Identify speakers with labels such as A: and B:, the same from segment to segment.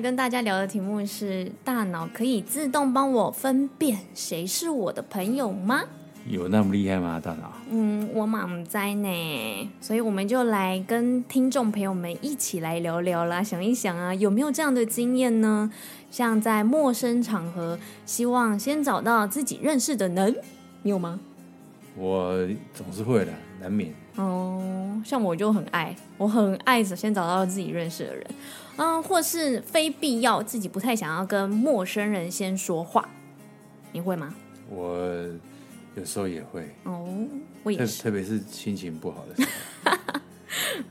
A: 跟大家聊的題目是：大腦可以自動幫我分辨誰是我的朋友嗎？
B: 有那麼厲害嗎？大腦？
A: 嗯，我滿在呢，所以我們就來跟聽眾朋友們一起來聊聊啦，想一想啊，有沒有這樣的經驗呢？像在陌生場合，希望先找到自己認識的人，你有嗎？
B: 我總是會的。
A: 難免哦，oh, 像我就很愛，我很愛首先找到自己認識的人，嗯、呃，或是非必要自己不太想要跟陌生人先說話，你會嗎？
B: 我有時候也會
A: 哦，oh, 我也是，
B: 特別是心情不好
A: 的。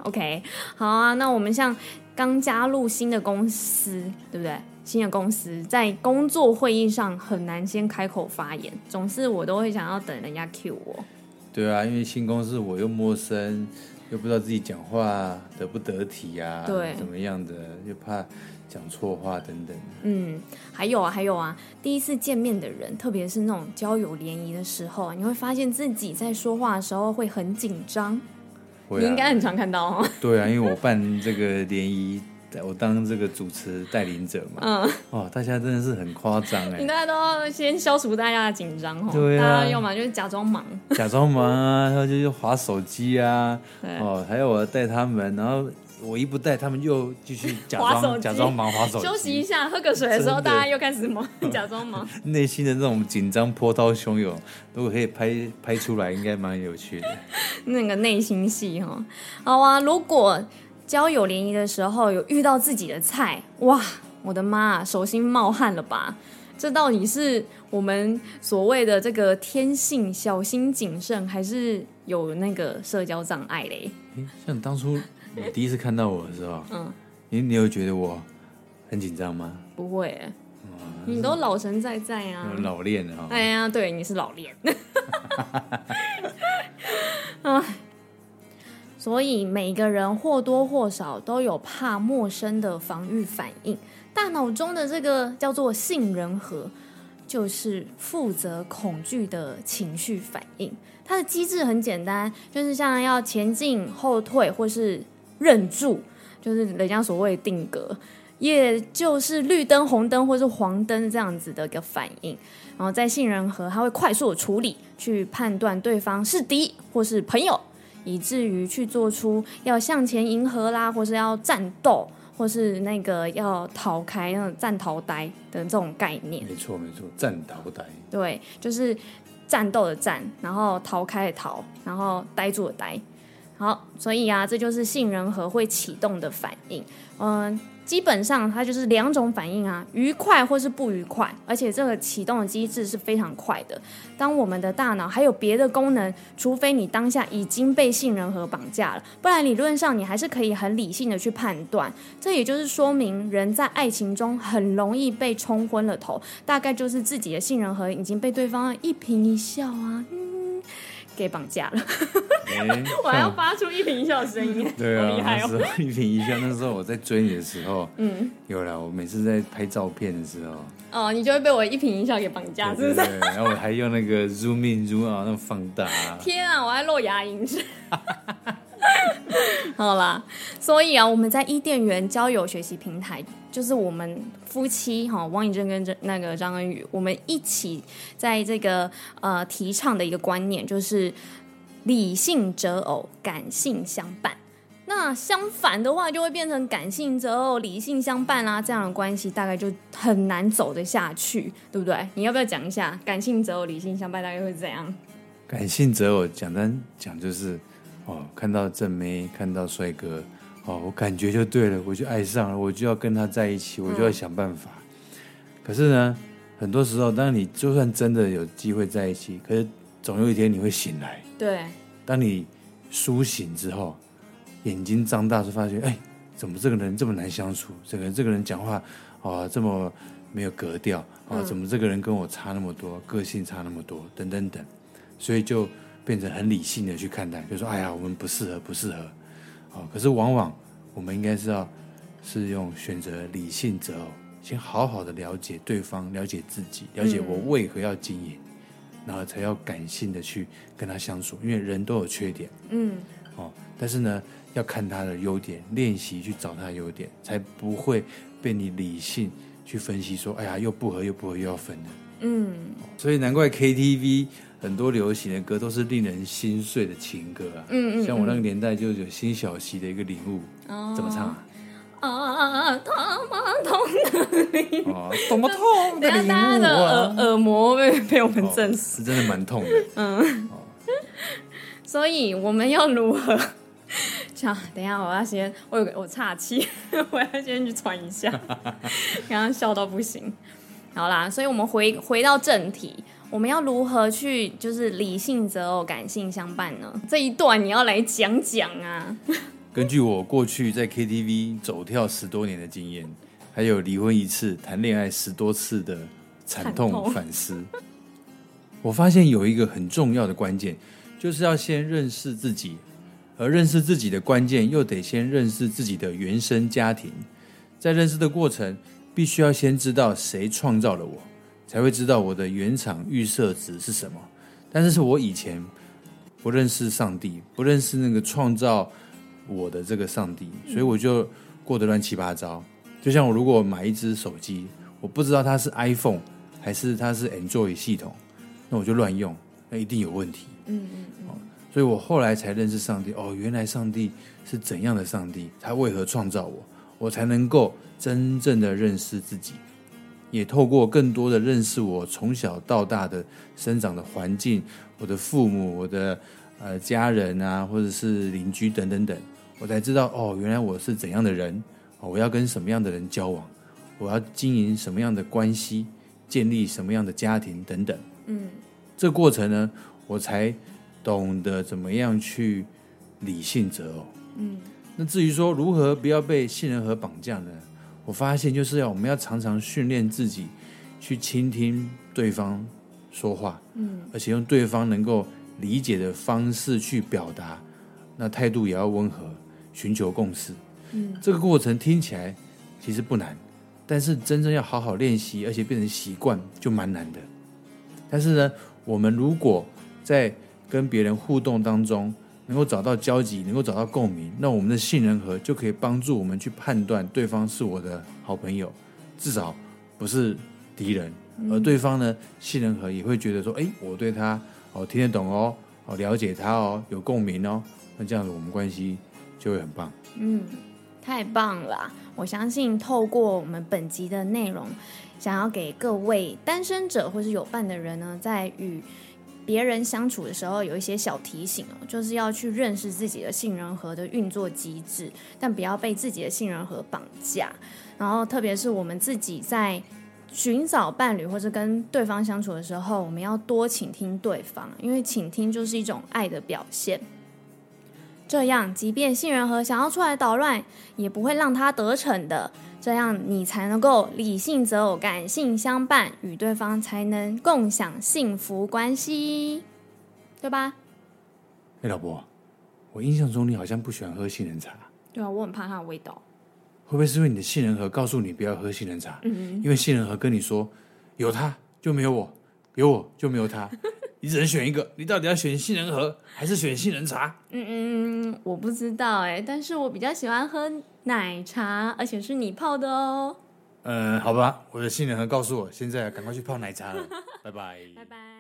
A: OK，好啊，那我們像剛加入新的公司，對不對？新的公司在工作會議上很難先開口發言，總是我都會想要等人家 cue 我。
B: 對啊，因為新公司我又陌生，又不知道自己講話得不得體啊，對，怎麼樣的，又怕講錯話等等。嗯，
A: 還有啊，還有啊，第一次見面的人，特別是那種交友聯誼的時候，你會發現自己在說話的時候會很緊張。
B: 對啊，你應該很
A: 常看到哦。對啊，因為我
B: 辦這個聯誼。 我當這個主持帶領者嘛，嗯、哦，大家真的是很誇張哎！你
A: 大家都先消除大家的緊張齁，對啊，要嘛就是假裝忙，
B: 假裝忙啊，然後就滑手機啊，哦，還有我帶他們，然後我一不帶他們又繼續假裝假裝忙滑手機休息一
A: 下喝個水的時候，大家又開始忙假裝忙，
B: 內、哦、心的這種緊張波濤洶湧， 如果可以拍拍出來，應該蠻有趣的，
A: 那個內心戲哈，好啊，如果。交友聯誼的時候，有遇到自己的菜哇！我的媽啊，手心冒汗了吧？這到底是我們所謂的這個天性小心謹慎，還是有那個社交障礙嘞？
B: 像當初你第一次看到我的時候， 嗯，你你有覺得我很緊張嗎？
A: 不會，你都老神在在啊，
B: 老練啊、哦！
A: 哎呀，對，你是老練， 嗯所以每個人或多或少都有怕陌生的防禦反應。大腦中的這個叫做杏仁核，就是負責恐懼的情緒反應。它的機制很簡單，就是像要前進、後退，或是忍住，就是人家所謂定格，也就是綠燈、紅燈或是黃燈這樣子的一個反應。然後在杏仁核，它會快速的處理，去判斷對方是敵或是朋友。以至於去做出要向前迎合啦，或是要戰鬥，或是那個要逃開，那種、個、戰逃呆的這種概念。沒錯沒錯，
B: 戰逃呆。
A: 對，就是戰鬥的戰，然後逃開的逃，然後呆住的呆。好，所以啊，這就是杏仁核會啟動的反應。嗯、呃，基本上它就是兩種反應啊，愉快或是不愉快。而且這個啟動的機制是非常快的。當我們的大腦還有別的功能，除非你當下已經被杏仁核綁架了，不然理論上你還是可以很理性的去判斷。這也就是說明人在愛情中很容易被沖昏了頭，大概就是自己的杏仁核已經被對方一顰一笑啊、嗯，給綁架了。欸、我還要發出一顰一笑聲音，對啊，哦、對啊 一
B: 顰一笑，那時候我在追你的時候，
A: 嗯，
B: 有了，我每次在拍照片的時候，
A: 哦，你就會被我一顰一笑給綁架，是不是？對、
B: 然後我還用那個 zoom in zoom out 那麼放大、啊，
A: 天啊，我還露牙齦，哈哈哈哈，好啦，所以啊，我們在伊甸園交友學習平台，就是我們夫妻哈，王以真跟那個張恩宇，我們一起在這個呃提倡的一個觀念就是。理性擇偶，感性相伴。那相反的話，就會變成感性擇偶，理性相伴啦、啊。這樣的關係大概就很難走得下去，對不對？你要不要講一下感性擇偶，理性相伴大概會怎樣？
B: 感性擇偶，簡單講就是，哦，看到正妹，看到帥哥，哦，我感覺就對了，我就愛上了，我就要跟他在一起，我就要想辦法。嗯、可是呢，很多時候，當你就算真的有機會在一起，可是總有一天你會醒來。
A: 對，
B: 當你蘇醒之後，眼睛張大，是發現：哎，怎麼這個人這麼難相處？這個這個人講話，啊、呃，這麼沒有格調，啊、呃嗯。怎麼這個人跟我差那麼多，個性差那麼多，等等等，所以就變成很理性的去看待，就說，哎呀，我們不適合，不適合，啊、呃。可是往往我們應該是要，是用選擇理性擇偶、哦，先好好的了解對方，了解自己，了解我為何要經營。嗯然後才要感性的去跟他相處，因為人都有缺點，嗯，哦，但是呢，要看他的優點，練習去找他的優點，才不會被你理性去分析說，哎呀，又不合又不合又要分的，嗯，所以難怪 KTV 很多流行的歌都是令人心碎的情歌啊，嗯，嗯，嗯，像我那個年代就有辛曉琪的一個領悟，嗯，
A: 怎麼唱啊？啊啊啊！嗯嗯 哦、懂不麼痛啊！人家他的耳耳膜被被我們震死，哦、是真的蠻痛的。嗯、哦。所以我們要如何？ 等一下，我要先，我有我岔氣， 我要先去喘一下，剛剛笑到不行。好啦，所以我們回回到正題，我們要如何去就是理性擇偶，感性相伴呢？這一段你要來講講啊。
B: 根據我過去在 KTV 走跳十多年的經驗。還有離婚一次、談戀愛十多次的慘痛反思，慘痛，我發現有一個很重要的關鍵，就是要先認識自己，而認識自己的關鍵又得先認識自己的原生家庭。在認識的過程，必須要先知道誰創造了我，才會知道我的原廠預設值是什麼。但是，是我以前不認識上帝，不認識那個創造我的這個上帝，所以我就過得亂七八糟。就像我如果買一隻手機，我不知道它是 iPhone 還是它是 Android 系統，那我就亂用，那一定有問題。嗯，嗯，嗯，所以我後來才認識上帝。哦，原來上帝是怎樣的上帝？他為何創造我？我才能夠真正的認識自己，也透過更多的認識我從小到大的生長的環境，我的父母、我的呃家人啊，或者是鄰居等等等，我才知道哦，原來我是怎樣的人。我要跟什麼樣的人交往？我要經營什麼樣的關係？建立什麼樣的家庭等等？嗯，這個過程呢，我才懂得怎麼樣去理性擇偶哦。嗯，那至於說如何不要被信任和綁架呢？我發現就是要我們要常常訓練自己去傾聽對方說話，嗯，而且用對方能夠理解的方式去表達，那態度也要溫和，尋求共識。嗯、這個過程聽起來其實不難，但是真正要好好練習，而且變成習慣就蠻難的。但是呢，我們如果在跟別人互動當中能夠找到交集，能夠找到共鳴，那我們的信任核就可以幫助我們去判斷對方是我的好朋友，至少不是敵人。嗯、而對方呢，信任核也會覺得說，哎，我對他，我、哦、聽得懂哦，我了解他哦，有共鳴哦。那這樣子，我們關係就會很棒。嗯。
A: 太棒了！我相信透過我們本集的內容，想要給各位單身者或是有伴的人呢，在與別人相處的時候有一些小提醒哦，就是要去認識自己的杏仁核的運作機制，但不要被自己的杏仁核綁架。然後，特別是我們自己在尋找伴侶或是跟對方相處的時候，我們要多傾聽對方，因為傾聽就是一種愛的表現。這樣，即便杏仁核想要出來搗亂，也不會讓他得逞的。這樣，你才能夠理性擇偶，感性相伴，與對方才能共享幸福關係，對吧？哎、
B: 欸，老婆，我印象中你好像不喜歡喝杏仁茶。
A: 對啊，我很怕它的味道。
B: 會不會是因為你的杏仁核告訴你不要喝杏仁茶？嗯嗯，因為杏仁核跟你說，有他就沒有我，有我就沒有他。 你只能選一個，你到底要選杏仁核還是選杏仁茶？嗯嗯嗯，
A: 我不知道哎，但是我比較喜歡喝奶茶，而且是你泡的哦。嗯，
B: 好吧，我的杏仁核告訴我，現在趕快去泡奶茶了，拜拜，拜
A: 拜。